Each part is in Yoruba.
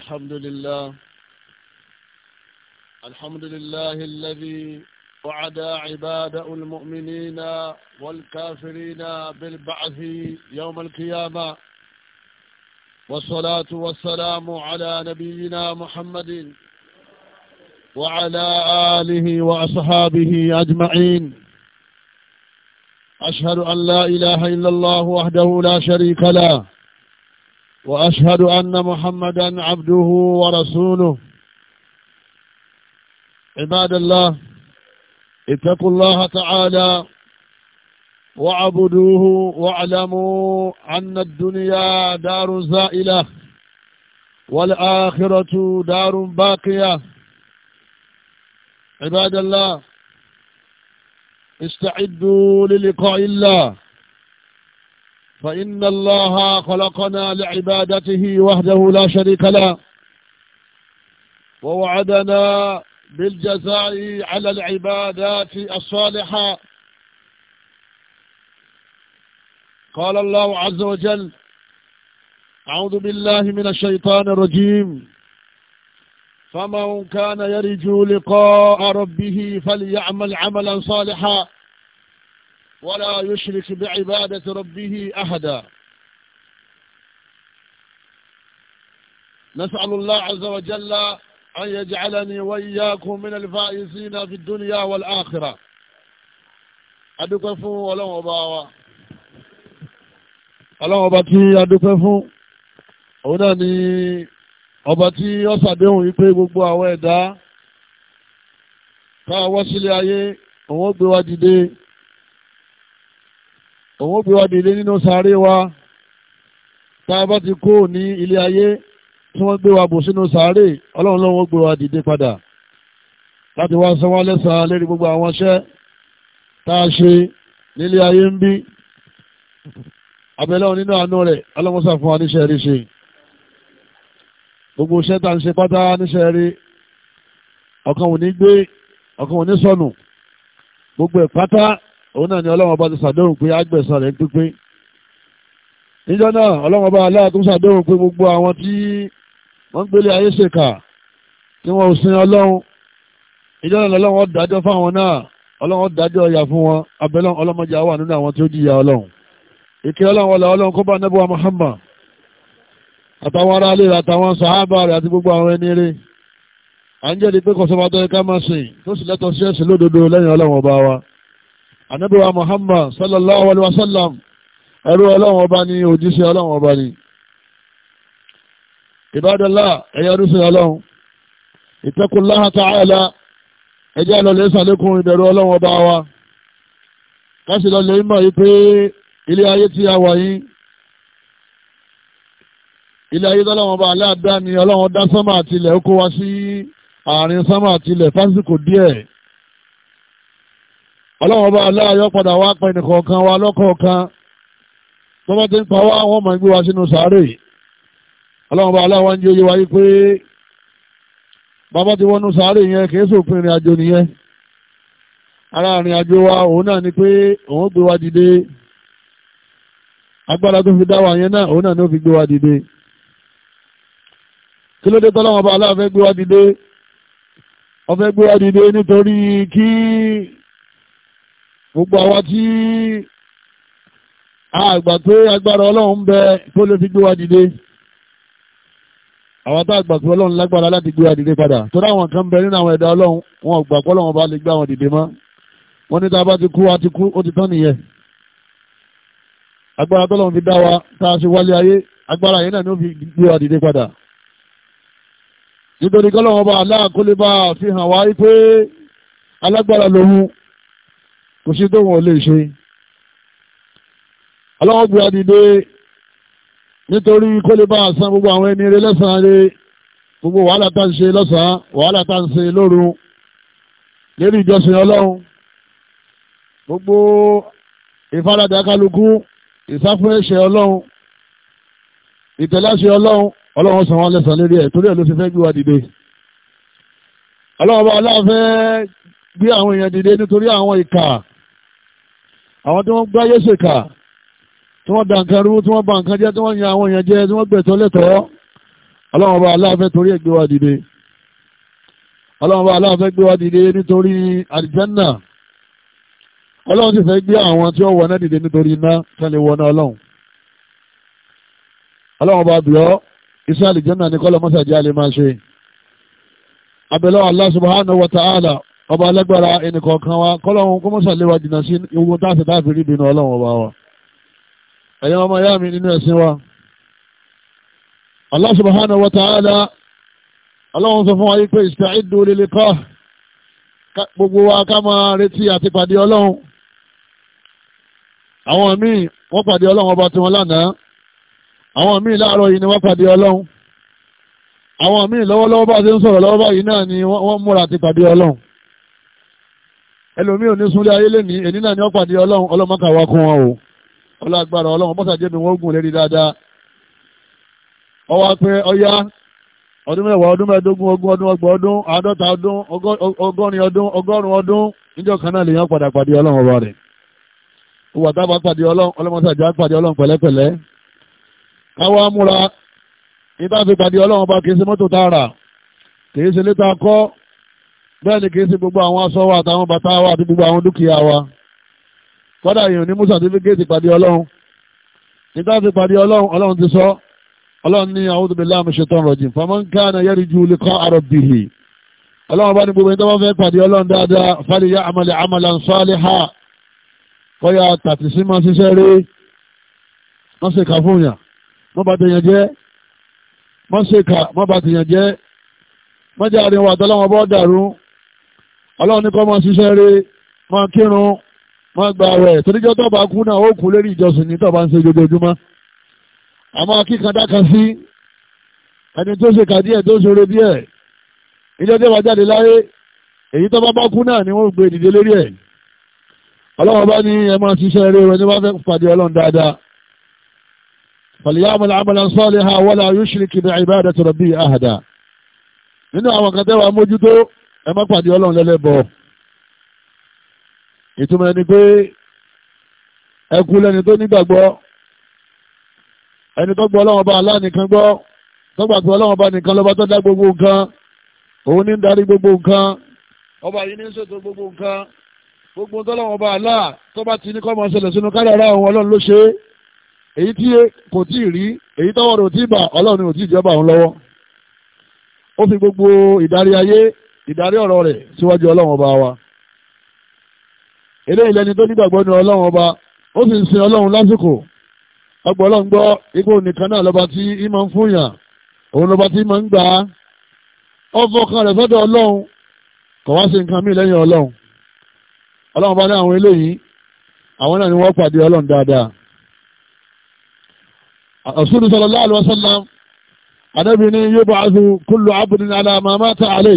الحمد لله الحمد لله الذي وعد عباده المؤمنين والكافرين بالبعث يوم القيامة والصلاة والسلام على نبينا محمد وعلى آله وأصحابه أجمعين أشهد أن لا إله إلا الله وحده لا شريك له وأشهد أن محمدا عبده ورسوله عباد الله اتقوا الله تعالى وعبدوه واعلموا أن الدنيا دار زائلة والآخرة دار باقية عباد الله استعدوا للقاء الله فإن الله خلقنا لعبادته وحده لا شريك له ووعدنا بالجزاء على العبادات الصالحة قال الله عز وجل أعوذ بالله من الشيطان الرجيم فمن كان يرجو لقاء ربه فليعمل عملا صالحا ولا يشرك بعبادة ربه أحدا نسأل الله عز وجل أن يجعلني وإياكم من الفائزين في الدنيا والآخرة adúpẹ́ fún ọlọ́run ọba wa ọlọ́run ọba tí adúpẹ́ fún òun náà ni ọba tí ó ṣàdéhùn wípé gbogbo àwọn ẹ̀dá ká wá sílé ayé òun ó gbé wa dìde òun ó gbé wa dìde nínú sàárè wa tá a bá ti kó ní ilé ayé tí wọ́n gbé wa bò sínú sàárè ọlọ́run lọ́wọ́ gbé wa dìde padà láti wá san wá lẹ́sàn lérí gbogbo àwọn iṣẹ́ tá a ṣe nílé ayé ń bí abẹ́lẹ́wọ̀n nínú àánú rẹ̀ ọlọ́mọsà fún wa níṣẹ́ rí ṣe gbogbo iṣẹ́ tá a ń ṣe pátá níṣẹ́ rí ọkàn ò gbé ọkàn ò sọnù gbogbo ẹ̀ pátá òun náà ni ọlọ́run ọba ti sàdéhùn pé àgbẹ̀sán rẹ̀ pípé níjọ́ náà ọlọ́run ọba aláà tó sàdéhùn pé gbogbo àwọn tí wọ́n ń gbélé ayé ṣèkà tí wọ́n ò sin ọlọ́run níjọ́ náà ọlọ́run ọ̀dájọ́ fáwọn náà ọlọ́run ọ̀dájọ́ ọ̀yà fún wọn abẹ́lọ́run ọlọ́mọdé àwọn nínú àwọn tí ó jìyà ọlọ́run ìkẹ́ ọlọ́run ọlọ́run ọlọ́run kó Muhammad àtàwọn ará ilé àtàwọn sàhábà rẹ̀ àti gbogbo àwọn ẹni eré à ń jẹ́rìí pé kọ̀sọ́fà tó yẹ ká máa sìn anabiwa muhammad sallallahu alaihi wa sallam ẹrú ọlọ́run ọba ni òjíṣẹ́ ọlọ́run ọba ni ìbádọ́lá ẹ̀yà ọdúnṣe ọlọ́run ìtẹ́kùnláhà tààlà ẹjẹ́ ìlọlẹ̀ ìsàlékún ìbẹ̀rù ọlọ́run ọba wa káṣí lọlẹ̀ ìmọ̀ yìí pé ilé ayé tí a wà yìí ilé ayé tọ́lọ́run ọba aláàdá ni ọlọ́run dá sánmà àtilẹ̀ ó kó wa sí àárín sánmà àtilẹ̀ fásitì kò díẹ̀ ọlọ́run ọba aláàyọ́ padà wá pẹ́ nìkọ̀ọ̀kan wa lọ́kọ̀ọ̀kan tó bá ti ń pa wá wọ́n máa ń gbé wa sínú sàárè ọlọ́run ọba aláwa ń jẹ́ oyé wáyé pé bàbá ti wọnú sàárè yẹn kìí sòpin ìrìn àjò nìyẹn ara ìrìn àjò wa òun náà ni pé òun gbé wa dìde agbára tó fi dá wa yẹn náà òun náà ni ó fi gbé wa dìde kí ló dé tọ́lọ́run ọba aláàfẹ́ fẹ́ gbé wa dìde nítorí gbogbo àwa tí àgbà pé agbára ọlọ́run ń bẹ tó lè fi gbé wa dìde àwọn tá àgbà pé ọlọ́run lágbára láti gbé wa dìde padà tó dáwọn kan bẹ nínú àwọn ẹ̀dá ọlọ́run wọn ò gbà pé ọlọ́run bá lè gbé àwọn dìde mọ́ wọn ní tá a bá ti kú a ti kú ó ti tán nìyẹn agbára tọ́lọ́run fi dá wa tá a ṣe wálé ayé agbára yẹn náà ni ó fi gbé wa dìde padà nítorí kọ́lọ́run ọba aláàkólébá fi hàn wá pé alágbára lòun kò sí tó wọn lè ṣe ọlọ́wọ́ gbé adìde nítorí kó lè bá àsán gbogbo àwọn ẹni rẹ lẹ́sàn-án rẹ gbogbo wàhálà tá ń ṣe lọ́sàn-án wàhálà tá ń ṣe lóru lérí ìjọsìn ọlọ́run gbogbo ìfaradà kálukú ìsáfún ẹ̀ṣẹ̀ ọlọ́run ìtẹ̀láṣẹ ọlọ́run ọlọ́run san wọ́n lẹ́san lérí ẹ̀ torí ẹ̀ ló ti fẹ́ gbé wa dìde ọlọ́run bá ọlọ́run fẹ́ gbé àwọn èèyàn dìde nítorí àwọn ìkà àwọn tí wọ́n gbá yéṣe kà tí wọ́n da nǹkan rú tí wọ́n ba nǹkan jẹ́ tí wọ́n yan àwọn èèyàn jẹ́ tí wọ́n gbẹ̀tọ́ lẹ́tọ̀ọ́ ọlọ́run ọba aláàfẹ́ torí ẹ̀gbẹ́ wa dìde ọlọ́run ọba aláàfẹ́ gbé wa dìde nítorí àlìjánà ọlọ́run sì fẹ́ gbé àwọn tí ó wọná dìde nítorí iná tẹ́lẹ̀ wọná ọlọ́run ọlọ́run ọba iṣẹ́ àlìjánà ní kọ́lọ́ mọ́sàájá máa ṣe abẹ́lẹ́ Allah subhanahu wa ta'ala ọba alágbára ẹnìkọ̀ọ̀kan wa kọ́lọ́hún kọ́mọ́sà lè wa jìnnà sí ohun tá a ṣe táàfin rí ìbínú ọlọ́run ọba wa ẹ̀yẹ́ ọmọ ìyá mi nínú ẹ̀sìn wa Allah subhanahu wa ta'ala ọlọ́run sọ fún wa wípé ista'iddu li liqah gbogbo wa ká máa retí àti pàdé ọlọ́run àwọn míì wọ́n pàdé ọlọ́run ọba tiwọn lánàá àwọn míì láàárọ̀ yìí ni wọ́n pàdé ọlọ́run àwọn míì lọ́wọ́lọ́wọ́ bá ṣe ń sọ̀rọ̀ lọ́wọ́ báyìí náà ni wọ́n múra àti pàdé ọlọ́run ẹlòmí ò ní súnlé ayé lè ní èní náà ní ọ̀pàdé ọlọ́run ọlọ́mọkàwá kún wọn o ọlọ́gbàrá ọlọ́run bọ́sàjẹ́ mi wọ́n gùn lérí dáadáa ọwọ́ pé ọyá ọdún mẹ́wàá ọdún mẹ́ẹ̀ẹ́dógún ogún ọdún ọgbọ̀n ọdún àádọ́ta ọdún ọgọ́rin ọdún ọgọ́rùn-ún ọdún níjọ́ kan náà lèèyàn padà pàdé ọlọ́run ọba rẹ̀ wà tá a bá pàdé ọlọ́run ọlọ́mọsàjá pàdé ọlọ́run pẹ̀lẹ́pẹ̀lẹ́ káwá múra ìbá fi pàdé ọlọ́run ọba kì í ṣe mọ́tò tààrà kì í ṣe létà kọ́ bẹ́ẹ̀ ni kìí sí gbogbo àwọn aṣọ wa àtàwọn bàtà wa àti gbogbo àwọn dúkìá wa kọ́dà èèyàn ní musa tífíkẹ́ẹ̀tì pàdé ọlọ́run nígbà tí pàdé ọlọ́run ọlọ́run ti sọ ọlọ́run ní a'udhu billahi minash shaitanir rajim faman kana yarju liqa'a rabbihi ọlọ́run bá ní gbogbo ẹni fẹ́ pàdé ọlọ́run dáadáa falya'mal 'amalan salihan kọ́yà tàtí sí máa ṣiṣẹ́ rí wọ́n ṣe kà fún yàn wọ́n bá ọlọ́run ní kọ́ máa ṣiṣẹ́ rẹ máa kírun máa gba rẹ̀ toríjọ́ tó bá kú náà ó kú lérí ìjọsìn ní tó bá ń ṣe jojoojúmọ́ àmọ́ kíkandá kan sí ẹni tó ṣe kàdíẹ̀ tó ṣòro díẹ̀ ìjọ tí wàá jáde láyé èyí tó bá bá kú náà ni wọ́n gbé ìdíje lórí ẹ̀ ọlọ́run bá ní ẹ máa ṣiṣẹ́ rẹ rẹ ní wọ́n fẹ́ pàdé ọlọ́run dáadáa فليعمل عملا صالحا ولا يشرك بعبادة ربه أحدا nínú àwọn kan tẹ́wàá ẹ má pàdé ọlọ́run lẹ́lẹ́bọ̀ ìtumọ̀ ẹni pé ẹ kú lẹ́ni tó nígbàgbọ́ ẹni tó gbọ́ ọlọ́run ọba aláàníkan gbọ́ tó gbàgbọ́ ọlọ́run ọba nìkan lọ́ba tó dá gbogbo nǹkan òun ní ń darí gbogbo nǹkan ọba yìí ní ń ṣètò gbogbo nǹkan gbogbo tọ́lọ́wọ́n ọba àlá tó bá ti ní kọ́ mọ̀ ṣẹlẹ̀ sínú kádàrá àwọn ọlọ́run ló ṣe èyí tí kò tí ì rí èyí tọ́wọ́ rẹ̀ ò tí ì bà ọlọ́run ò tí ì jọba òun lọ́wọ́ ó fi gbogbo ìdarí ayé ìdarí ọ̀rọ̀ rẹ̀ síwájú ọlọ́run ọba wa eléyìí lẹni tó nígbàgbọ́ ní ọlọ́run ọba ó sì ń sin ọlọ́run lásìkò ọgbọ́n ọlọ́run gbọ́ igbó nìkan náà lọ́ba tí í máa ń fúnyàn òun lọ́ba tí í máa ń gbà á kan rẹ̀ sọ́dọ̀ ọlọ́run kò wá sí nǹkan lẹ́yìn ọlọ́run ọlọ́run bá ní àwọn eléyìí àwọn náà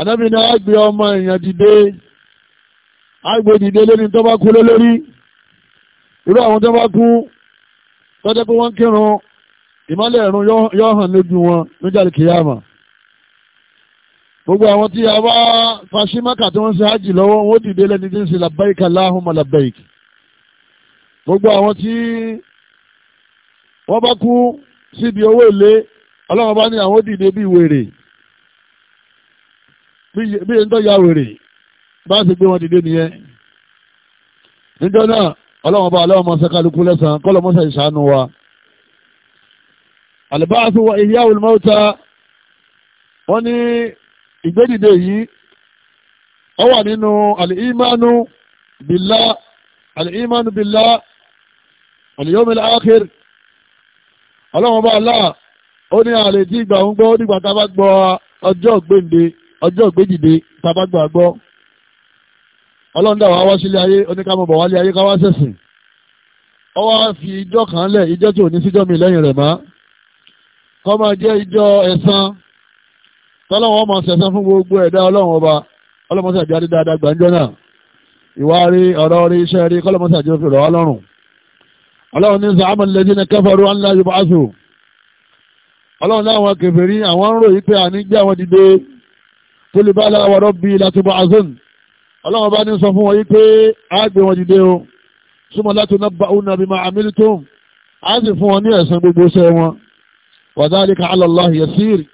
ànábì ni a gbé ọmọ èèyàn dìde a gbé dìde lórí tó bá kú lórí irú àwọn tó bá kú tọ́jọ́ pé wọ́n kírun ìmọ́lẹ̀ ẹ̀rùn yóò hàn lójú wọn lójàlè kìyàmà gbogbo àwọn tí a bá fàṣímákà tí wọ́n ń ṣe hájì lọ́wọ́ wọn ó dìde lẹ́ni tí ń ṣe làbáyìkà láhùnmọ̀ làbáyìkì gbogbo àwọn tí wọ́n bá kú síbi owó èlé ọlọ́run bá ní àwọn dìde bí wèrè bí ẹni tó ya wèrè bá ti gbé wọn dìde nìyẹn níjọ́ náà ọlọ́wọ́n bá ọlọ́wọ́n mọ́ sẹ́kálukú lẹ́sàn kọ́lọ́ mọ́sà ìṣàánú wa àlùbáàfin wa ìyá olùmọ́ta wọ́n ní ìgbédìde yìí ó wà nínú àlìímánú bìlá àlìímánú bìlá àlìyómìlá ákìr ọlọ́wọ́n bá aláà ó ní àlè tí ìgbà ń gbọ́ nígbà tá a bá gbọ́ ọjọ́ gbèǹde ọjọ́ ìgbéjìde tabagbà gbọ́ ọlọ́run dáwà wá sílé ayé oníkàmọ́ bọ̀ wálé ayé káwá sẹ̀sìn ọ wá fi ijọ́ kan lẹ̀ ijọ́ tí ò ní síjọ́ mi lẹ́yìn rẹ̀ mọ́ kọ́ máa jẹ́ ijọ́ ẹ̀san tọ́lọ́wọ́n máa sẹ̀sán fún gbogbo ẹ̀dá ọlọ́run ọba ọlọ́mọsí àjọ adídáadáa gbàǹjọ́ náà ìwà rí ọ̀rọ̀ rí iṣẹ́ rí kọ́lọ́mọsí àjọ fi rọ̀ ọlọ́run ọlọ́run ní sàámù lẹ́jìn ní kẹfẹ́rú ńlá yorùbá àṣù ọlọ́run láwọn kèfèrí àwọn ń ròyìn pé àní jẹ́ àwọn dìde kólébálà àwọ̀rọ̀ bíi látìbọ̀ azon ọlọ́run bá ní sọ fún wọn yí pé a gbé wọn dìde o súnmọ́ láti ná bá òun nàbí máa àmìlì tó a sì fún wọn ní ẹ̀san gbogbo iṣẹ́ wọn wàdáàlì ká alọ́lá yẹsíìrì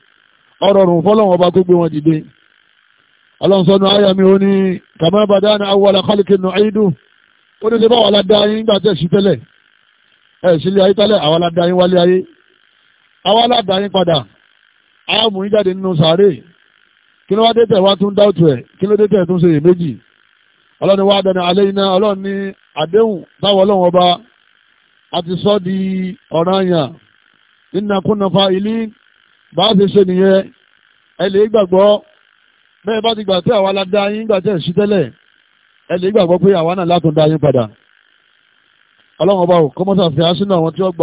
ọ̀rọ̀ rùn fọ́lọ́run ọba tó gbé wọn dìde ọlọ́run sọnù ayà mi ó ní kàmá bàdá ní àwọn ládàá padà á mú nínú sàárè kí ló wá dé tẹ̀ wá tún dáwọ́tù ẹ̀ kí ló dé tẹ̀ tún ṣe yè méjì ọlọ́ni wá dẹni alẹ́ iná ọlọ́run ní àdéhùn táwọn ọlọ́run ọba àti sọ di ọ̀ranyàn nínú kúnnàfà ilé bá a ṣe ṣe nìyẹn ẹ lè gbàgbọ́ bẹ́ẹ̀ bá ti gbà pé àwa la dá yín gbà tẹ̀ sí tẹ́lẹ̀ ẹ lè gbàgbọ́ pé àwa náà látún dá yín padà ọlọ́run ọba ò kọ́mọ́sà fi aṣínú àwọn tí wọ́n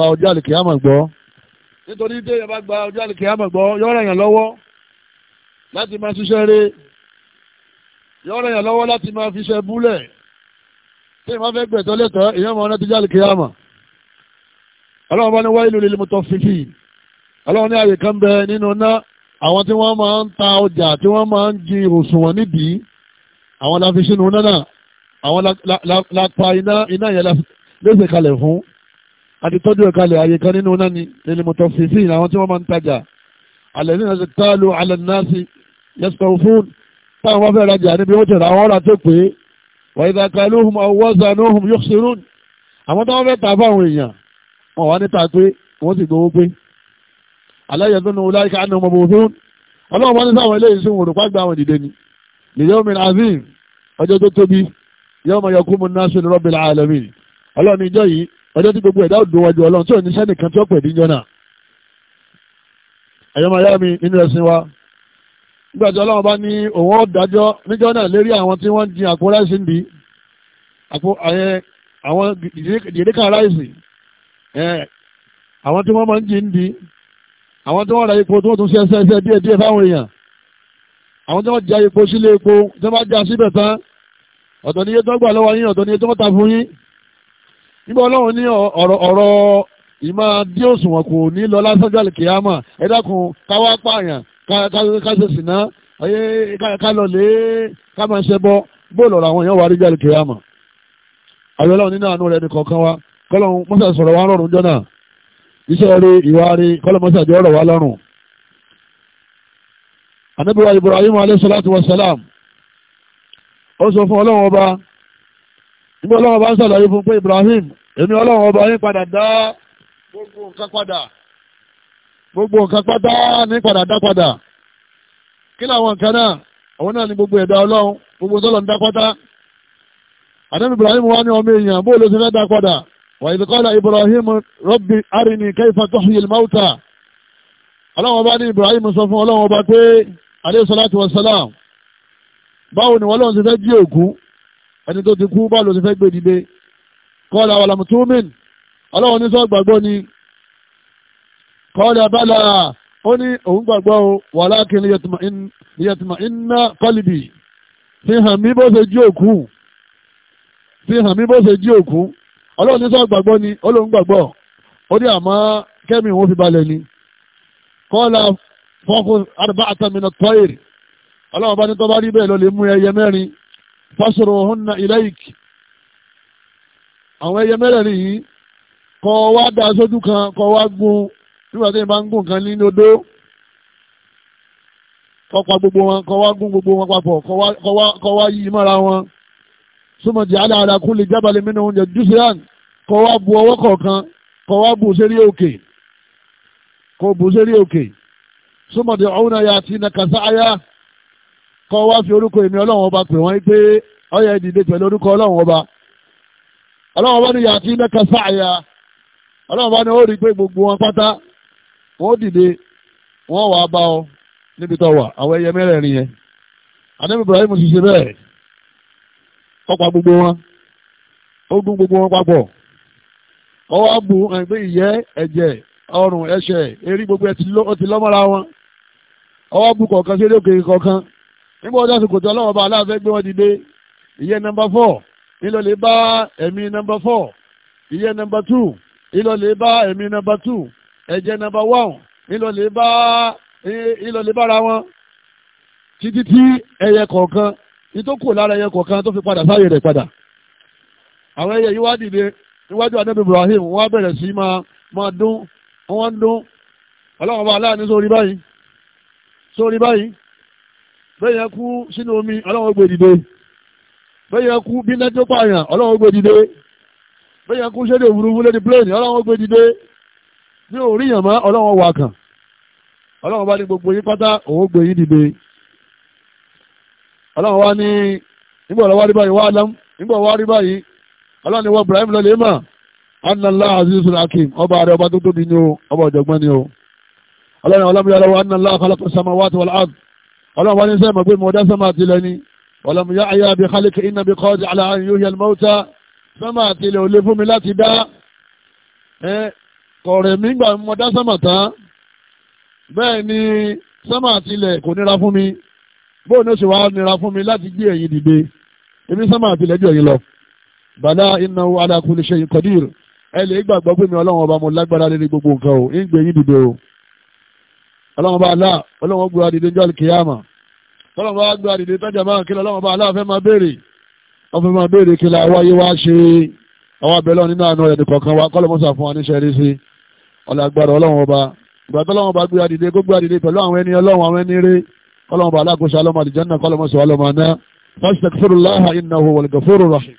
gba ọjọ́ láti máa ṣiṣẹ́ rẹ yọ ọ̀rọ̀ yàn lọ́wọ́ láti máa fi ṣe búlẹ̀ tí ìmọ̀ fẹ́ gbẹ̀tọ́ lẹ́tọ̀ọ́ ìyẹn mọ̀ ọ́nà ti jáde kíyàmà ọlọ́run bá ní wáyé lórí ilé tó fífì ọlọ́run ní àyè kan bẹ nínú ná àwọn tí wọ́n máa ń ta ọjà tí wọ́n máa ń jin òṣùwọ̀n nídìí àwọn la fi sínú náà náà àwọn la pa iná iná yẹn lẹ́sẹ̀ kalẹ̀ fún àti tọ́jú ẹ̀kalẹ̀ àyè kan nínú náà ni ilé tó fífì àwọn tí wọ́n yẹsùkọ̀rù fún táwọn bá fẹ́ rajà níbi ó tẹ̀ra àwọn ọ̀rà tó pé wà ìdàkàlóhùn àwọ̀wọ́sànóhùn yóò ṣe rún àwọn táwọn fẹ́ ta fáwọn èèyàn wọn wà níta pé wọ́n sì gbowó pé aláyẹ̀dúnnú láìka àná ọmọ bòfún ọlọ́run wọn ní sáwọn eléyìí sí wọn òrùpá gba àwọn ìdìde ni nìyẹn omi azim ọjọ́ tó tóbi yẹn ọmọ yọkú mu náà sínú rọ́bìlà alẹ́mì ọlọ́run ní ìjọ yìí ọjọ́ gbàjọ́ ọlọ́run bá ní òun ọ̀dájọ́ níjọ́ náà lérí àwọn tí wọ́n jin àpò ráìsì ń di àpò àyẹ àwọn ìdíkà ráìsì àwọn tí wọ́n máa ń jin ń di àwọn tí wọ́n ra epo tí wọ́n tún ṣe ẹsẹ̀ ẹsẹ̀ díẹ̀ díẹ̀ fáwọn èèyàn àwọn tí wọ́n ja epo sílé epo tí wọ́n bá ja síbẹ̀ tán ọ̀tọ̀ ní iye tó ń gbà lọ́wọ́ yín ọ̀tọ̀ ní iye tó ń ta fún yín nígbà ọlọ́run ní ọ̀rọ̀ ọ̀rọ̀ ìmáa dí ní lọ lásán jálè kìámà ẹ dákun káwá pààyàn kájọ sìnà kálọ̀ lé káma ṣe bọ́ bóòlù ọ̀rọ̀ àwọn èèyàn wà rígbà lókè àmà àyọ̀lọ́ nínú àánú rẹ̀ nìkọ̀ọ̀kan wa kọ́lọ̀ mọ́sà sọ̀rọ̀ wa rọrùn jọ́nà iṣẹ́ rí ìwà rí kọ́lọ̀ mọ́sà jẹ́ ọ̀rọ̀ wa lọ́rùn anabiwa ibrahim aleyhisalatu wasalam ó sọ fún ọlọ́run ọba nígbà ọlọ́run ọba ń sàlàyé fún pé ibrahim èmi ọlọ́run ọba yín padà dá gbogbo nǹkan padà gbogbo nǹkan pátá ní padà dá padà kí làwọn nǹkan náà àwọn náà ní gbogbo ẹ̀dá ọlọ́run gbogbo sọ́lọ̀ ń dá pátá àdánù Ibrahim wá ní ọmọ èèyàn bó ló ti fẹ́ dá padà wà ìdíkọ́lá Ibrahim rabbi arini kayfa tuhyil mauta ọlọ́run ọba ní Ibrahim sọ fún ọlọ́run ọba pé alayhi salatu wassalam báwo ni ọlọ́run ti fẹ́ jí òkú ẹni tó ti kú báwo ló ti fẹ́ gbé kọ́lá wàlàmùtúmìn ọlọ́run ní sọ́ gbàgbọ́ ni kọ́lá bala ó ní òun gbàgbọ́ o wà láàkín níyàtìmọ̀ iná kọ́lìbì fi hàn mí bó ṣe jí òkú ọlọ́run ní gbàgbọ́ ni ọlọ́run gbàgbọ́ ó ní àmọ́ kẹ́mi òun fi balẹ̀ ni kọ́lá fọ́kù àdùbá àtàmìnà tọ́ìrì ọlọ́run bá ní tọ́ bá rí bẹ́ẹ̀ lọ lè mú ẹyẹ mẹ́rin na ilẹ̀ ìkì àwọn ẹyẹ yìí kọ́ wá dá sójú sígbà tí ìbá ń gùn kan nínú odó kọ́pa gbogbo wọn kọ́ wá gún gbogbo wọn papọ̀ kọ́ wá yí mọ́ra wọn súnmọ́ ti àdáadáa kún lè jábàlẹ̀ mínú oúnjẹ jùsílán kọ́ wá bu ọwọ́ kọ̀ọ̀kan kọ́ wá bu sérí òkè kọ́ bu sérí òkè súnmọ́ ti ọ̀hún náà yà àti nàkàsá ayá kọ́ wá fi orúkọ èmi ọlọ́run ọba pè wọ́n pé ọyẹ ìdìde pẹ̀lú orúkọ ọlọ́run ọba ọlọ́run ọba ni yà àti ayá ọlọ́run ọba ni ó rí pé gbogbo wọn pátá wọ́n dìde wọ́n wà á bá ọ níbi tó wà àwọn ẹyẹ mẹ́rẹ̀ẹ̀rin yẹn ànábì Ibrahim ti ṣe bẹ́ẹ̀ ọ̀pá gbogbo wọn ó dún gbogbo wọn papọ̀ ọwọ́ àbù ẹ̀gbẹ́ ìyẹ́ ẹ̀jẹ̀ ọrùn ẹsẹ̀ erí gbogbo ẹ̀ ti lọ́mọ́ra wọn ọwọ́ àbù kọ̀ọ̀kan sí eréòkè kọ̀ọ̀kan nígbà ọjọ́ àsìkò tí ọlọ́wọ́ bá aláàfẹ́ gbé wọn dìde ìyẹ́ nọmba four ìlọlẹ̀ bá ẹ̀mí nọmba four ìyẹ́ nọmba two ìlọlẹ̀ bá ẹ̀mí nọmba two ẹ̀jẹ̀ nàbà wọ́n ìlọlẹ̀ bára wọn títí tí ẹyẹ kọ̀ọ̀kan ìtókù lára ẹyẹ kọ̀ọ̀kan tó fi padà sáyè rẹ̀ padà àwọn ẹyẹ yìí wá dìde níwájú anábì Ibrahim wọ́n bẹ̀rẹ̀ sí máa dún wọ́n ń dún ọlọ́run bá aláàánú sórí báyìí sórí báyìí bẹ́ẹ̀ yẹn kú sínú omi ọlọ́run gbé dìde bẹ́ẹ̀ yẹn kú bí nájọ́ pààyàn ọlọ́run gbé dìde bẹ́ẹ̀ yẹn kú sédè òwúrúwú lórí pléènì ọlọ́run gbé dìde bí ò rí yànmọ́ ọlọ́run wà kàn ọlọ́run bá ní gbogbo yín pátá òun gbé yín dìde ọlọ́run wá ní nígbà wá rí báyìí wá lám nígbà wá rí báyìí ọlọ́run ni wọ́n Ibrahim lọ lè mà annalá azizul hakim ọba rẹ ọba tó tóbi ni o ọba ọ̀jọ̀gbọ́n ni o ọlọ́run ọlọ́run yàrá wa annalá khalaqa samawati wal ard ọlọ́run wá ní sẹ́yìn mọ̀ pé mo dá sẹ́mà tilẹ̀ ni kọ̀rẹ̀ mi gbà mọ dá sẹ́mà tán bẹ́ẹ̀ ni sẹ́mà àtilẹ̀ kò nira fún mi bóun ó sì wá nira fún mi láti gbé ẹ̀yin dìde èmi sẹ́mà àtilẹ̀ jù ẹ̀yin lọ bàlá innahu ala kulli shay'in ẹ lè gbàgbọ́ pé mi ọlọ́run ọba mo lágbára lórí gbogbo nǹkan o ń gbé ẹ̀yin dìde o ọlọ́run bá aláà ọlọ́run gbúra dìde jọ́ kìyàmà ọlọ́run bá gbúra dìde tọ́jà máa kí ọlọ́run bá aláà fẹ́ máa béèrè ọfẹ́ máa béèrè kí ọlágbára ọlọ́run ọba ìgbà tọ́lọ́run ọba gbé adìde gbogbo adìde pẹ̀lú àwọn ẹni ọlọ́run àwọn ẹni rere ọlọ́run ọba alákòóso alọ́mọ àlìjánná kọ́lọ́mọ sọ alọ́mọ aná fastaghfirullaha innahu wal ghafurur rahim.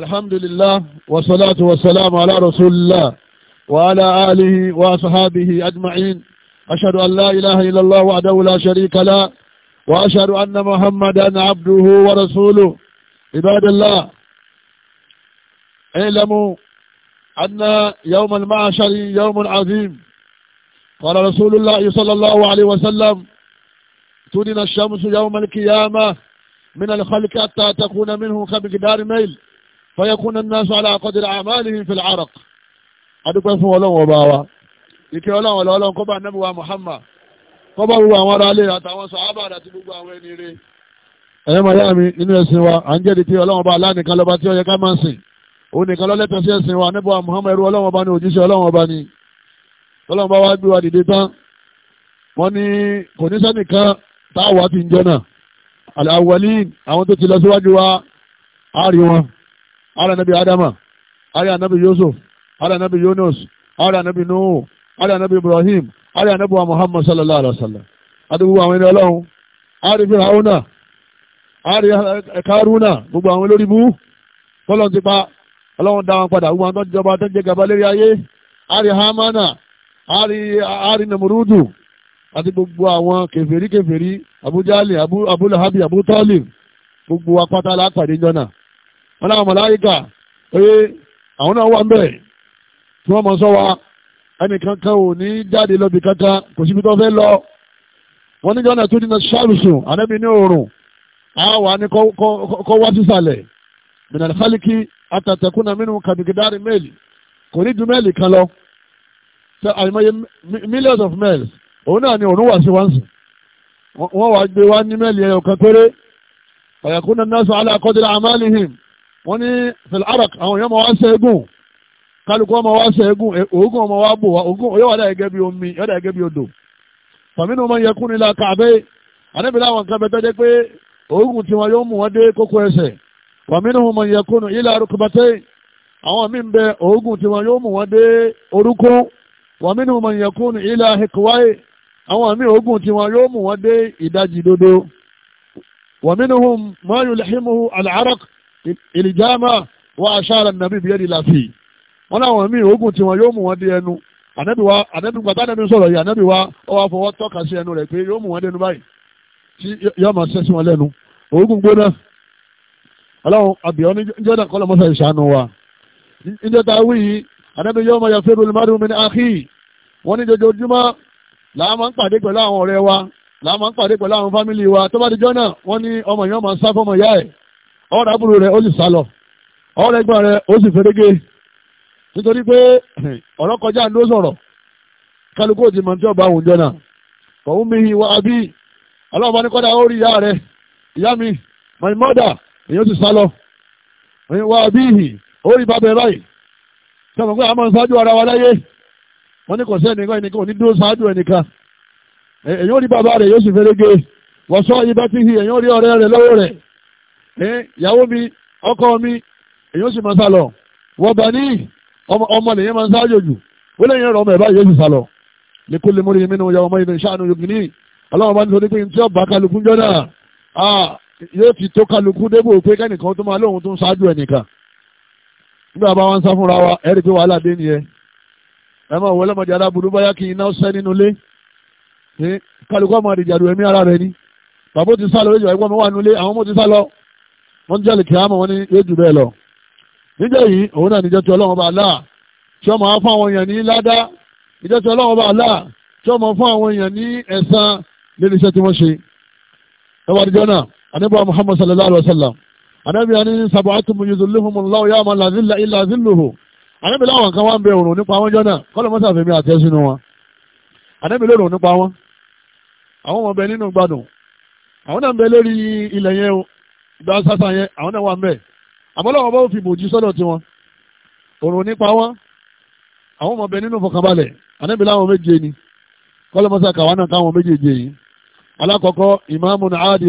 alhamdulillah wasalaatu wasalaamu ala rasulillah wa ala alihi wa sahabihi ajma'in ashadu an la ilaha illallah wahdahu la sharika la wa ashadu anna muhammadan abduhu wa rasuluhu ibadallah اعلموا أن يوم المعشر يوم عظيم قال رسول الله صلى الله عليه وسلم تدن الشمس يوم القيامة من الخلق حتى تكون منه كمقدار ميل فيكون الناس على قدر أعمالهم في العرق adúpẹ́ fún ọlọ́run ọba wa ìkẹ́ ọlọ́run ọlọ́run kọ́bà nẹ́bí wa Muhammad kọ́bà gbogbo àwọn ará ilé àtàwọn sàábà àti gbogbo àwọn ẹni rẹ̀ ẹ̀yẹ́ màyá mi nínú ẹ̀sìn wa à ń jẹ́rìí pé ọlọ́run ọba alánìkan lọ́ba tí ó yẹ ká máa sìn òun nìkan lọ́lẹ́tọ̀ sí ẹ̀sìn wa nípa Muhammad ẹrú ọlọ́wọ́n ọba ní òjíṣẹ́ ọlọ́wọ́n ọba ní ọlọ́wọ́n bá wá gbé wa dìde tán wọ́n ní kò ní sẹ́nìkan táwa ti ń jẹ́ náà al-awwalin àwọn tó ti lọ síwájú wa àárí wọn àárí anabi Adama àárí anabi Yusuf àárí anabi Yunus àárí anabi Nuhu àárí anabi Ibrahim àárí anabi wa Muhammad sallallahu alayhi wa sallam àdúgbò àwọn ẹni ọlọ́run àárí Fir'auna àárí Karuna gbogbo àwọn olórí bú tọ́lọ́ ọlọ́run dá wọn padà wọ́n tó jọba tó jẹ gàba lérí ayé ari hamana ari ari namurudu àti gbogbo àwọn kèfèrí kèfèrí abujali abulahabi abutalib gbogbo apáta lápàdé jọna wọn náà màláíkà oye àwọn náà wà ń bẹ̀ tí wọ́n mọ̀ sọ wa ẹnì kankan ò ní jáde lọ bí kankan kò síbi tó fẹ́ lọ wọ́n ní jọna tó dínà ṣàlùsùn ànábì ní òòrùn àwa ní kọ́ wá sísàlẹ̀ mìnàlẹ́fálíkì àtàtẹ̀kùnà mínú kàdùkìdárì méèlì kò ní ju méèlì kan lọ ṣe àìmọye millions of mails òun náà ni òun wà sí wáǹsì wọ́n wàá gbé wá ní méèlì ẹ̀yọ̀ kan péré ọ̀yàkùnà násù aláàkọ́dúnrà àmàlìhìn wọ́n ní fil arak àwọn èèyàn máa wá ṣe égún kálukú ọmọ wá ṣe égún òógùn e, ọmọ wá bò wá òógùn yóò wá dà gẹ́gẹ́ bí omi yóò dà gẹ́gẹ́ bí odò fàmínú máa ń nílá kàbẹ́ àdébìlà àwọn kan bẹ pé òógùn tiwọn yóò mú wọn dé kókó ẹsẹ̀ wa mọ̀ yẹkùnù ilẹ̀ arúgbàtẹ́ àwọn míì bẹ oògùn wọn yóò mú wọn dé orúkún wàmínú mọ̀ yẹkùnù ilẹ̀ ahìkúwáyé àwọn míì oògùn tí wọn yóò wọn dé ìdajì dodo wàmínú mọ̀ wọn ogun tí wọn yóò mú wọn dé ẹnu wa ànábì gbàtà ànábì sọ̀rọ̀ yìí ànábì wa ó wá fọwọ́ tọ́ka sí ẹnu rẹ̀ pé yóò mú wọn dé ẹnu báyìí tí yóò máa wọn ọlọ́run wa níjọ́ wí yìí anábì yóò máa yàfẹ́ rúlù márùn mi ní àkì wọ́n ní jojoojúmọ́ làá máa ń pàdé pẹ̀lú àwọn wa làá ń pàdé pẹ̀lú àwọn fámìlì wa tó bá di jọ́nà wọ́n ní ọmọ yẹn máa ń sá fọmọ ìyá ẹ̀ ọ̀rọ̀ àbúrò rẹ̀ ó sì lọ ọ̀rọ̀ ẹgbọ́n rẹ̀ ó sì ferege èyàn ti sálọ èyàn wá bíhì orí bàbẹ̀ báyìí sọ̀rọ̀ pé àmọ́ ṣáájú ara wa láyé wọ́n ní kò sí ẹnìkan ẹnìkan ò ní dúró ṣáájú ẹnìkan èyàn rí bàbá rẹ̀ yóò sì fẹ́rẹ́gẹ wọ́sọ́ ibà tí hì èyàn rí ọ̀rẹ́ rẹ̀ lọ́wọ́ rẹ̀ ìyàwó mi ọkọ mi èyàn sì máa sálọ wọ́n bá ní ọmọ lèyàn máa ń ṣáájú jù ó lẹ́yìn rọ̀ ọmọ ẹ̀ báyìí yóò sì sálọ ní kó lè múrí mi nínú ìyàwó ọmọ ìdùn ìṣàánú yòókì ní ọlọ́run bá ní sọ ní pé ní tí ọba kálukú jọ́nà yóò ti tó kálukú débò pé kẹ́nìkan tó máa lóun tó ń ṣáájú ẹnìkan nígbà bá wọn ń sá fúnra wa ẹ̀rí pé wàhálà dé nìyẹn ẹ máa wọlé ọmọdé aláburú báyá kí iná ṣẹ́ nínú ilé ní kálukú ọmọ àdìjàdù ẹ̀mí ara rẹ ni bàbá ti sá lọ lójú ẹ̀gbọ́n mi wà nílé àwọn ọmọ ti sá lọ wọ́n ti jẹ́lì kíámọ̀ wọn ni yóò jù bẹ́ẹ̀ lọ níjẹ́ yìí òun náà níjẹ́ tí ọlọ́run bá láà tí ọmọ anábà muhammad sallallahu alaihi wa sallam anábì ani sab'atun yuzilluhumullahu yawma la zilla illa zilluhu anábì láwọn kan wá ń bẹ òrùn nípa wọn jọ́nà kọ́lọ̀ mọ́sá fèmí àtẹ́ sínú wọn anábì lóòrùn nípa wọn àwọn ọmọ bẹ nínú gbádùn àwọn náà ń bẹ lórí ilẹ̀ yẹn o ìgbà sásà yẹn àwọn náà wà ń bẹ àmọ́ lọ́wọ́ bá fi bòjú sọ́dọ̀ tiwọn òrùn nípa wọn àwọn ọmọ bẹ nínú fọkànbalẹ̀ anábì láwọn méje ni kọ́lọ̀ mọ́sá kàwọn náà káwọn méjèèjì yìí alákọ̀ọ́kọ́ ìmáàmù náà áàdì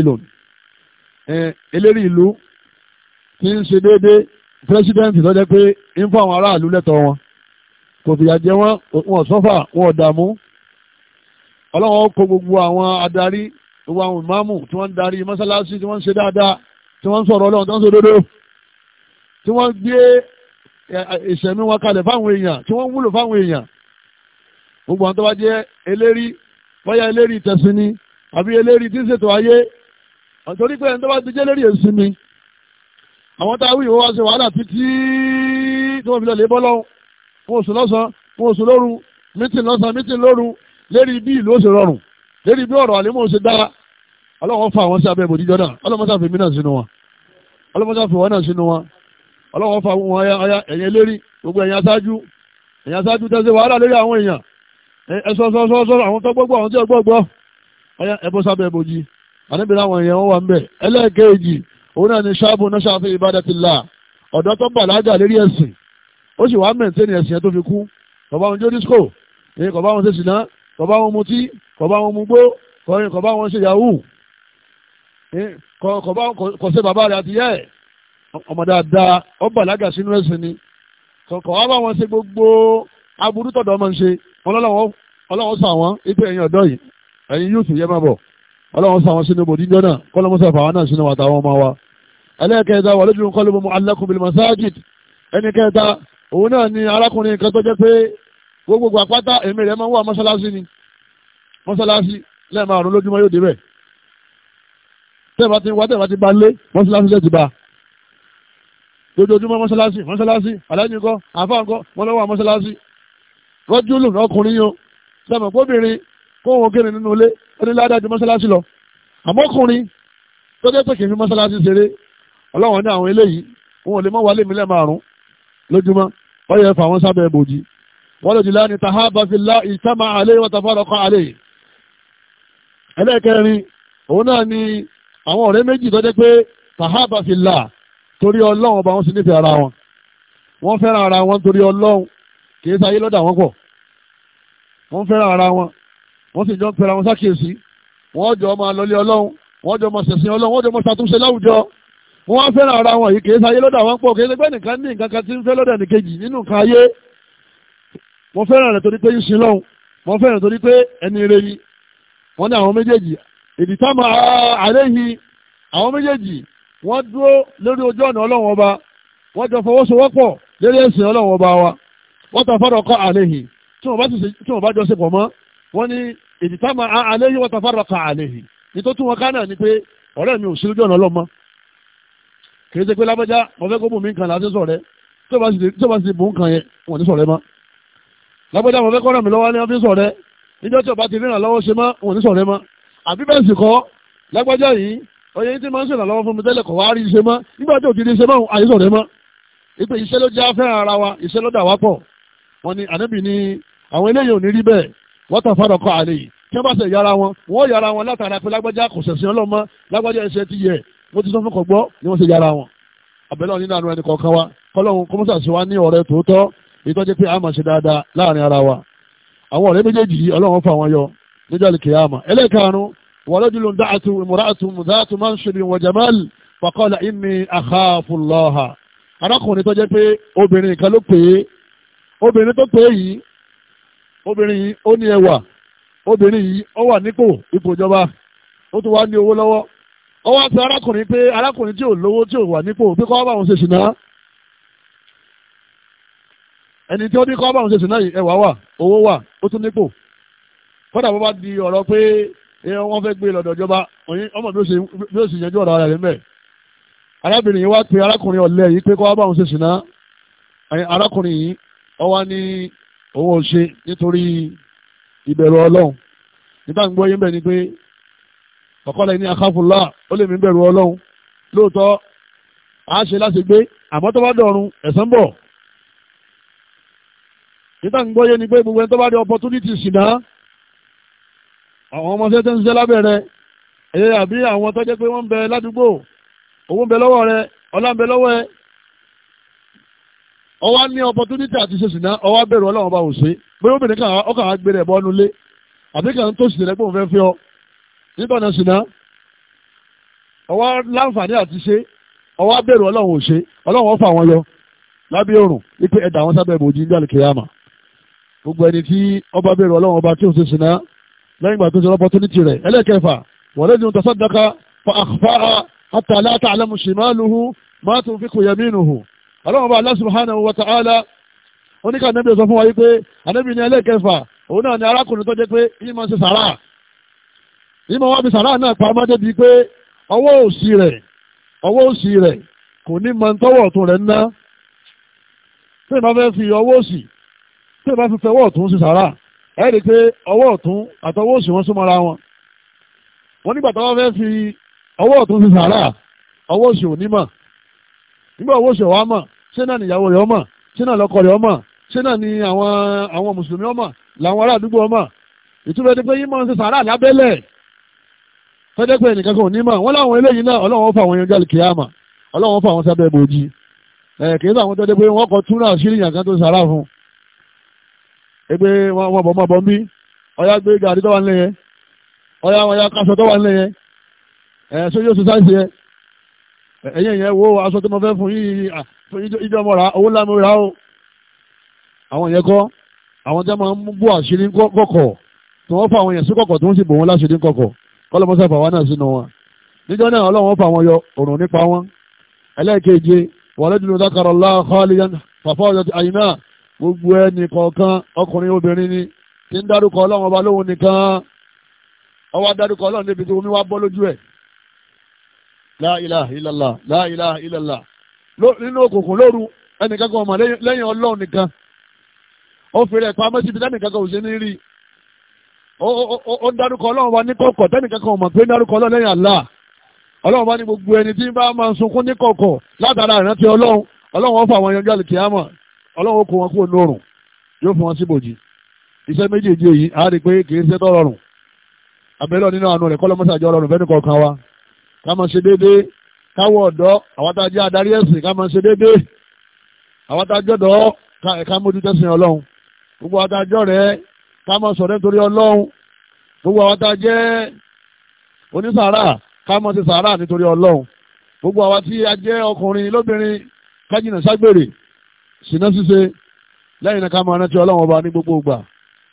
eléré ìlú tí ń ṣe déédéé pírẹsidẹ́ǹtì tó jẹ́ pé ń fún àwọn aráàlú lẹ́tọ̀ọ́ wọn kò fìyà jẹ wọn wọn sọ́fà wọn ọ̀dààmú ọlọ́wọ́n kó gbogbo àwọn adarí gbogbo àwọn ìmáàmù tí wọ́n ń darí mọ́sálásí tí wọ́n ń ṣe dáadáa tí wọ́n ń sọ̀rọ̀ ọlọ́run tó ń ṣe òdodo tí wọ́n gbé ìṣẹ̀mí wọn kalẹ̀ fáwọn èèyàn tí wọ́n wúlò fáwọn èèyàn gbogbo àwọn tó bá jẹ́ eléri bóyá eléri tẹ̀sìn ni àbí eléri tí ń ṣètò ayé àtòrí pé ẹni tó bá ti jẹ́ lérí èsì mi àwọn tá a wí ìwọ wá ṣe wàhálà títí tí wọ́n fi lọ lè bọ́ lọ́wọ́ wọn ò sùn lọ́sàn wọn ò sùn lóru mítìn lọ́sàn mítìn lóru lérí bí ìlú ó ṣe rọrùn lérí bí ọ̀rọ̀ àlímọ̀ ó ṣe dára ọlọ́wọ́ fa àwọn sí abẹ́ ìbòdíjọ́ náà ọlọ́mọṣà fi mí náà sínú wọn ọlọ́mọṣà fi wọn náà sínú wọn ọlọ́wọ́ fa wọn ọya ẹ̀yẹ lérí gbogbo ẹ̀yìn aṣáájú ẹ̀yìn aṣáájú tẹ́sẹ̀ wàhálà lérí àwọn èèyàn ẹ̀sọ̀sọ̀sọ̀ àwọn tó gbọ́gbọ́ àwọn tí ó gbọ́gbọ́ ọya sábẹ́ ìbòjì ànábì láwọn èèyàn wà ń bẹ̀ ẹlẹ́ẹ̀kejì òun náà ni ṣáàbù náà ṣáàfin ìbádẹ́tìlá ọ̀dọ́ tó bàlágà lérí ẹ̀sìn ó sì wá mẹ̀ǹtẹ́ ní ẹ̀sìn ẹ̀ tó fi kú kọ̀bá wọn jó disco ní kọ̀bá wọn ṣe ṣìná kọ̀bá wọn mutí kọ̀bá wọn mugbó kọ̀bá wọn ṣe yahoo kọ̀bá kò ṣe bàbá rẹ̀ àti yẹ́ ẹ̀ ọmọ dáadáa ó bàlágà sínú ẹ̀sìn ni kọ̀wá bá wọn ṣe gbogbo aburú tọ̀dọ̀ ọmọ ń ṣe ọlọ́wọ́ sàwọn ipe ẹ̀yìn ọ̀dọ́ ọlọ́run sọ àwọn sínú bòdí jọ́nà kọ́lọ́mọ́sá fàwọn náà sínú àtàwọn ọmọ wa ẹlẹ́ẹ̀kẹta wà lójú kọ́lọ́mọ́ mu'allaqun bil masajid ẹni kẹta òun náà ni arákùnrin kan tó jẹ́ pé gbogbo àpáta èmi rẹ̀ máa ń wà mọ́sálásí ni mọ́sálásí lẹ́ẹ̀ma àrùn lójúmọ́ yóò débẹ̀ tẹ́ẹ̀bá ti wá tẹ́ẹ̀bá ti ba lé mọ́sálásí lẹ́ẹ̀ ti ba lójoojúmọ́ onílàdá ju mọ́sálásí lọ àmọ́kùnrin tó jẹ́ pé kì í fi mọ́sálásí ṣeré ọlọ́wọ́n ní àwọn eléyìí wọn ò lè mọ́ wálé mi lẹ́ẹ̀márùn lójúmọ́ wọ́n yẹ fà wọ́n sábẹ́ bòjì wọ́n lòdì láàrin tahaba fillah ìtàmà àlẹ́ wọ́n tafaraqa àlẹ́ ẹlẹ́ẹ̀kẹrin òun náà ni àwọn ọ̀rẹ́ méjì tó jẹ́ pé tahaba fillah torí ọlọ́run ọba wọn sì nífẹ̀ẹ́ ara wọn wọ́n fẹ́ràn ara wọn torí ọlọ́run kì í sáyé lọ́dà wọn pọ̀ wọ́n fẹ́ràn ara wọn wọ́n sì jọ ń pẹ̀lú àwọn sákèésí wọ́n jọ máa lọlé ọlọ́run wọ́n jọ máa ṣẹ̀sìn ọlọ́run wọ́n jọ máa ṣàtúnṣe láwùjọ wọ́n wá fẹ́ràn ara wọn yìí kì í sáyé lọ́dọ̀ àwọn pọ̀ kì í ṣe pé nìkan ní nǹkan kan tí ń fẹ́ lọ́dọ̀ ẹnìkejì nínú nǹkan ayé mo fẹ́ràn rẹ̀ torí pé yín sin lọ́hùn mo fẹ́ràn torí pé ẹni rẹ̀ ni wọ́n ní àwọn méjèèjì èdè táwọn àléhìn àwọn méjèèjì wọ́n dúró lórí ojú ọ̀nà ọlọ́run ọba wọ́n jọ fọwọ́sowọ́pọ̀ lórí ẹ̀sìn ọlọ́run ọba wa wọ́n ta fọ́dọ̀ kọ́ àléhìn tí wọ́n bá jọ ṣe pọ̀ mọ́ wọ́n ní ìdìtàmà àléyìn wọ́n tafára ka àléyìn ní tó tún wọn ká náà ni pé ọ̀rẹ́ mi ò sí lójú ọ̀nà ọlọ́mọ kìí ṣe pé lábẹ́já mo fẹ́ kó bùn mí nǹkan láti sọ̀rẹ́ tó bá sì bùn nǹkan yẹn wọ́n ní sọ̀rẹ́ mọ́ lábẹ́já mo fẹ́ kọ́ ràn mí lọ́wọ́ ní wọ́n fi sọ̀rẹ́ níjọ́ tí ọba ti rí ìrànlọ́wọ́ ṣe mọ́ wọ́n ní sọ̀rẹ́ mọ́ àbí bẹ́ẹ̀ sì kọ́ lágbájá yìí ọyẹ yìí ti máa ń ṣèrànlọ́wọ́ fún mi tẹ́lẹ̀ kọ̀ wá rí iṣẹ́ mọ́ nígbà tí òkìrí iṣẹ́ mọ́ àyè sọ̀rẹ́ mọ́ ìpè iṣẹ́ ló já fẹ́ràn ara wa iṣẹ́ ló dà wá pọ̀ wọ́n ní ànábì ní àwọn eléyìí ò ní rí bẹ́ẹ̀ wọ́n tàn fọ́dọ̀ kọ́ àlè yìí tí wọ́n bá ṣe yára wọn wọ́n yára wọn látara pé lágbájá kò ṣẹ̀sìn ọlọ́mọ lágbájá ẹ̀ṣẹ̀ ti yẹ wọ́n ti sọ fún kọ̀gbọ́ ni wọ́n ṣe yára wọn. àbẹ̀lẹ́ òní nànú ẹnì kọ̀ọ̀kan wa kọ́lọ́hún kọ́mọ́sàsì wa ní ọ̀rẹ́ tòótọ́ ìtọ́jú pé a máa ṣe dáadáa láàrin ara wa. àwọn ọ̀rẹ́ méjèèjì yìí ọlọ́run fà wọn yọ níjọ́ lè kíyàmá obìnrin yìí ó ní ẹwà obìnrin yìí ó wà nípò ipò ìjọba ó tún wá ní owó lọ́wọ́ ó wá sọ arákùnrin pé arákùnrin tí ò lówó tí ò wà nípò pé kọ́ bá òun ṣe ṣìnà ẹni tí ó ní kọ́ bá òun ṣe ṣìnà yìí ẹwà wà owó wà ó tún nípò kódà bó bá di ọ̀rọ̀ pé wọ́n fẹ́ gbé lọ́dọ̀ ìjọba ọmọ bí ó sì yanjú ọ̀rọ̀ rẹ̀ mẹ́ẹ̀ arábìnrin yìí wá pe arákùnrin ọ̀lẹ́ yìí pé kọ́ bá òun ṣe ṣìnà arákùnrin yìí ó wá ní owó ṣe nítorí ìbẹ̀rù ọlọ́run nígbà gbọ́ yín bẹ́ẹ̀ ni pé kọ̀kọ́lẹ̀ ní akáfùlá ó lè mí bẹ̀rù ọlọ́run lóòótọ́ a ṣe láti gbé àmọ́ tó bá dọ̀run ẹ̀san bọ̀ nígbà gbọ́ yín ni pé gbogbo ẹni tó bá dé opportunity ṣìnà àwọn ọmọ tẹ́tẹ́ ń ṣe lábẹ́rẹ́ ẹ̀yẹ àbí àwọn tó jẹ́ pé wọ́n ń bẹ ládùúgbò owó ń bẹ lọ́wọ́ rẹ ọlá ń bẹ lọ́wọ́ ẹ ọwọ́ ní opportunity àti ṣe ṣìnà ọwọ́ bẹ̀rù ọlọ́run bá òṣè bóyá obìnrin kan ọkàn á gbére ẹ̀bọ́nú lé àbí kan tó sì rẹ́gbọ̀n fẹ́ fi ọ nígbà náà ṣìnà ọwọ́ láǹfààní àti ṣe ọwọ́ bẹ̀rù ọlọ́run òṣè ọlọ́run ọ̀fà wọn yọ lábẹ́ òrùn wípé ẹ̀dà wọn sábẹ́ bòjì ní àlùkìyàmà gbogbo ẹni tí ọba bẹ̀rù ọlọ́run ọba tí ò ṣe ṣìnà ọlọ́run bá Allah subhanahu wa ta'ala oníkà nẹ́bí sọ fún wa yí pé anẹ́bí ní ẹlẹ́kẹfà òun náà ni arákùnrin tó jẹ́ pé yìí máa ń ṣe sàrà yìí máa wá fi sàrà náà pa ọmọdé bíi pé ọwọ́ òsì rẹ̀ ọwọ́ òsì rẹ̀ kò ní máa ń ọ̀tún rẹ̀ ná tí ìbá fẹ́ fi ọwọ́ òsì tí ìbá fi fẹwọ́ ọ̀tún ṣe sàrà ẹ̀ rí pé ọwọ́ ọ̀tún àtọwọ́ òsì wọn súnmọ́ra wọn wọn nígbà táwọn fẹ́ fi ọwọ́ ọ̀tún ṣe sàrà ọwọ́ òsì ò ní mà nígbà ọwọ́ òsì ò wá mà ṣé náà nìyàwó rẹ̀ ọmọ ṣé náà lọ́kọ na ọmọ ṣé náà ni àwọn àwọn mùsùlùmí ọmọ làwọn ará àdúgbò ọmọ ìtura ẹni pé yín máa ń ṣe sàárà lábẹ́lẹ̀ fẹ́dẹ́gbẹ́ ẹnìkan kan ò ní mà wọ́n láwọn eléyìí náà ọlọ́wọ́n fà àwọn yanjú àlùkìyàmà ọlọ́wọ́n fà àwọn sábẹ́ bòójì ẹ̀ kì í sàwọn tó dé pé wọ́n kọ túnra sílì yàn kan tó sàárà fún ẹgbẹ́ wọn bọ̀ mọ́ bọ́ ń bí ọyá gbé gàrí tó wà yẹn ọyá wọn ya kásọ tó wà ń yẹn ẹ̀ ṣé yóò ṣe sáìsì ìjọ mọ́ra owó lámì ra o àwọn yẹn kọ́ àwọn jẹ́ máa ń bú àṣírí kọ̀kọ̀ tí wọ́n fa àwọn yẹn sí kọ̀kọ̀ tí wọ́n sì bò wọ́n láṣírí kọ̀kọ̀ kọ́lọ́mọ́sá fàwa náà sínú wọn níjọ́ náà ọlọ́run fà wọn yọ òrùn nípa wọn ẹlẹ́ẹ̀keje wàlẹ́dùnú dákàrọ̀ láàkọ́lìyàn fàfọ́ ọ̀yọ́ àyínà gbogbo ẹnì kọ̀ọ̀kan ọkùnrin obìnrin ni tí ń dárúkọ ọlọ́run ọba lóhun nìkan ọwọ́ dárúkọ ọlọ́run níbi tí omi wá bọ́ lójú ẹ̀ la ilaha illallah la ilaha illallah nínú òkùnkùn lóru ẹnìkan kan ọmọ lẹ́yìn ọlọ́run nìkan ó fèrè ẹ̀pá mọ́síbi tẹ́nìkan kan ò sí ní rí ó ń dárúkọ ọlọ́run wa ní kọ̀kọ̀ tẹ́nìkan kan ọmọ pé ń dárúkọ ọlọ́run lẹ́yìn Allah ọlọ́run bá ní gbogbo ẹni tí bá máa ń sunkún ní kọ̀kọ̀ látara ìrántí ọlọ́run ọlọ́run ó fà wọn yanjú àlùkìyàmọ̀ ọlọ́run ó kó wọn kúrò lórùn yóò fún wọn káwọ ọ̀dọ́ àwọn tá a jẹ́ adarí ẹ̀sìn ká máa ṣe déédéé àwọn tá a jẹ́ ọ̀dọ́ ká mójú tẹ̀sìn ọlọ́run gbogbo àwọn tá a jẹ́ ọ̀rẹ́ ká máa sọ̀rọ̀ nítorí ọlọ́run gbogbo àwọn tá a jẹ́ onísàárà ká máa ṣe sàárà nítorí ọlọ́run gbogbo àwọn tí ọkùnrin lóbìnrin ká ságbèrè ṣìnà ṣíṣe lẹ́yìn náà ká máa rántí ọlọ́run ọba ní gbogbo ìgbà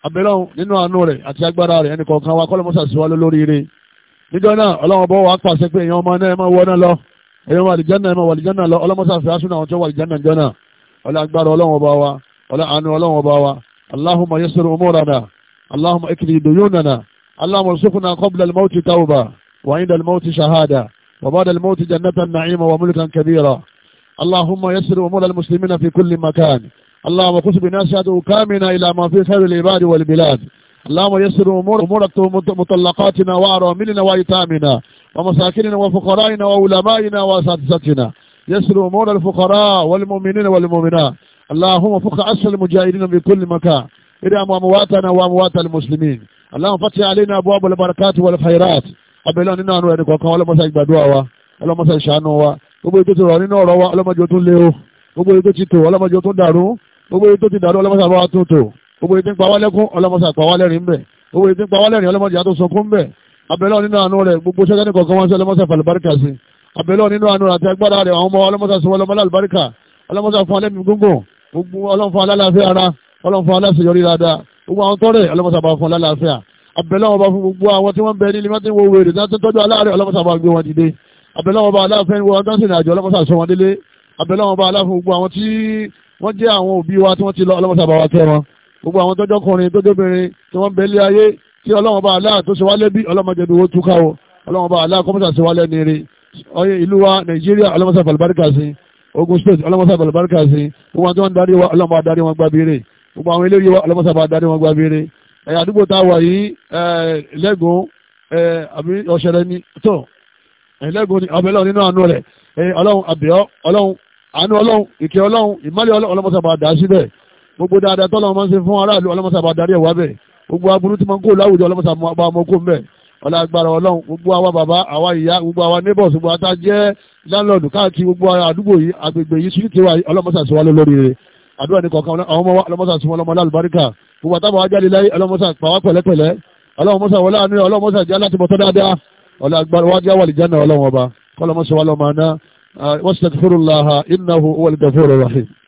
àbẹ̀lọ́run nínú àánú rẹ̀ àti agbára rẹ̀ ẹnì kọ̀ọ̀kan wa kọ́lọ́mọ́sà sí wa lóríire níjọ́ náà ọlọ́wọ́n bọ́ wa pàṣẹ pé èèyàn ọmọ náà ẹ máa wọ́ná lọ èèyàn wà lìjánà ẹ máa wà lìjánà lọ ọlọ́mọsá fi aṣọ àwọn tó wà lìjánà níjọ́ náà ọlọ́ agbára ọlọ́wọ́n bá wa ọlọ́ àánú ọlọ́wọ́n bá wa allahumma yassir umurana allahumma ikli duyunana allahumma rzuqna qabla al-mawti tawba wa inda al-mawti shahada wa ba'da al-mawti jannatan na'ima wa mulkan kabira allahumma yassir umura al-muslimina fi kulli makan allahumma qusbi nasadu kamina ila ma fi khair al-ibad wal اللهم يسر أمور أمورك مطلقاتنا وأراملنا وأيتامنا ومساكننا وفقرائنا وعلمائنا وأساتذتنا يسر أمور الفقراء والمؤمنين والمؤمنات اللهم فك أسر المجاهدين في كل مكان إرحم أمواتنا وأموات المسلمين اللهم فتح علينا أبواب البركات والخيرات abẹ́lẹ́ nínú àánú ẹni kọ̀ọ̀kan ọlọ́mọṣẹ́ ìgbàdúrà wa ọlọ́mọṣẹ́ ìṣàánú wa gbogbo ètò ti rọ̀ nínú ọ̀rọ̀ wa ọlọ́mọjọ́ tó lé o gbogbo ètò ti tò ọlọ́mọjọ́ tó dàrú gbogbo ètò ti dàrú ọlọ́mọṣẹ́ àbáwá tó tò gbogbo ètí ń pa wálẹ́kún ọlọ́mọsà pa wálẹ́rìn ń bẹ̀ gbogbo ètí ń pa wálẹ́rìn ọlọ́mọdé àtó sọkún bẹ̀ abẹ́lẹ́ nínú àánú rẹ̀ gbogbo sẹ́kẹ́ ní kọ̀ọ̀kan wọn sí ọlọ́mọsà fàlùbáríkà sí abẹ́lẹ́ nínú àánú rẹ̀ àti agbára rẹ̀ àwọn ọmọ ọlọ́mọsà sí ọlọ́mọ alálùbáríkà ọlọ́mọsà fún alẹ́mí gúngùn gbogbo ọlọ́mfún alálàáfíà ara ọlọ́mfún aláṣeyọrí dáadáa gbogbo àwọn tọ́rẹ̀ ọlọ́mọsà bá fún alálàáfíà abẹ́lẹ́ wọn bá fún gbogbo àwọn tí wọ́n bẹ nílé mọ́tí wo wèrè láti tọ́jú aláàrẹ̀ ọlọ́mọsà bá gbé wọn dìde abẹ́lẹ́ wọn bá aláàfẹ́ wọn dánsì ní àjọ ọlọ́mọsà sọ wọn délé abẹ́lẹ́ wọn bá aláàfin gbogbo àwọn tí wọ́n jẹ́ àwọn òbí wa tí wọ́n ti lọ ọlọ́mọsà bá wa tẹ́ wọn gbogbo àwọn tọ́jọ́ kùnrin tọ́jọ́bìnrin tí wọ́n bẹ̀lẹ̀ ayé tí ọlọ́run bá aláà tó ṣe wálé bí ọlọ́mọdébí owó túká o ọlọ́run bá aláà kọ́mọ́sà ṣe wálé ní eré ọyẹ ìlú wa nàìjíríà ọlọ́mọsà balibarika sí ogun state ọlọ́mọsà balibarika sí gbogbo àwọn tí wọ́n darí wa ọlọ́mọ adarí wọn gbàbíire gbogbo àwọn eléyìí wa ọlọ́mọsà bá darí wọn gbàbíire ẹ̀yà àdúgbò tá a wà yìí lẹ́gùn àbí ọ̀ṣẹ̀rẹ̀ ni tó lẹ́gùn ni ọbẹ̀lọ́ nínú àánú rẹ̀ ọlọ́run àbíọ́ ọlọ́run àánú ọlọ́run ìkẹ́ ọlọ́run gbogbo dáadáa tọ́lọ́ máa ń ṣe fún aráàlú ọlọ́mọṣà bá darí ẹ̀ wá bẹ̀ gbogbo aburú tí máa ń kó láwùjọ ọlọ́mọṣà bá ọmọ kó mbẹ̀ ọlágbára ọlọ́run gbogbo àwa bàbá àwa ìyá gbogbo àwa neighbors gbogbo ata jẹ́ landlord káàkiri gbogbo àdúgbò yìí agbègbè yìí sí tiwa ọlọ́mọṣà sí wa lórí rẹ̀ àdúrà ní kọ̀ọ̀kan àwọn ọmọ wa ọlọ́mọṣà sí wọn lọ́mọ lálùbáríkà gbogbo àtàwọn ajáde láyé ọlọ́mọṣà pàwá pẹ̀lẹ́pẹ̀lẹ́ ọlọ́mọṣà wọlé àánú ọlọ́mọṣà jẹ́ láti wà lọ́mọ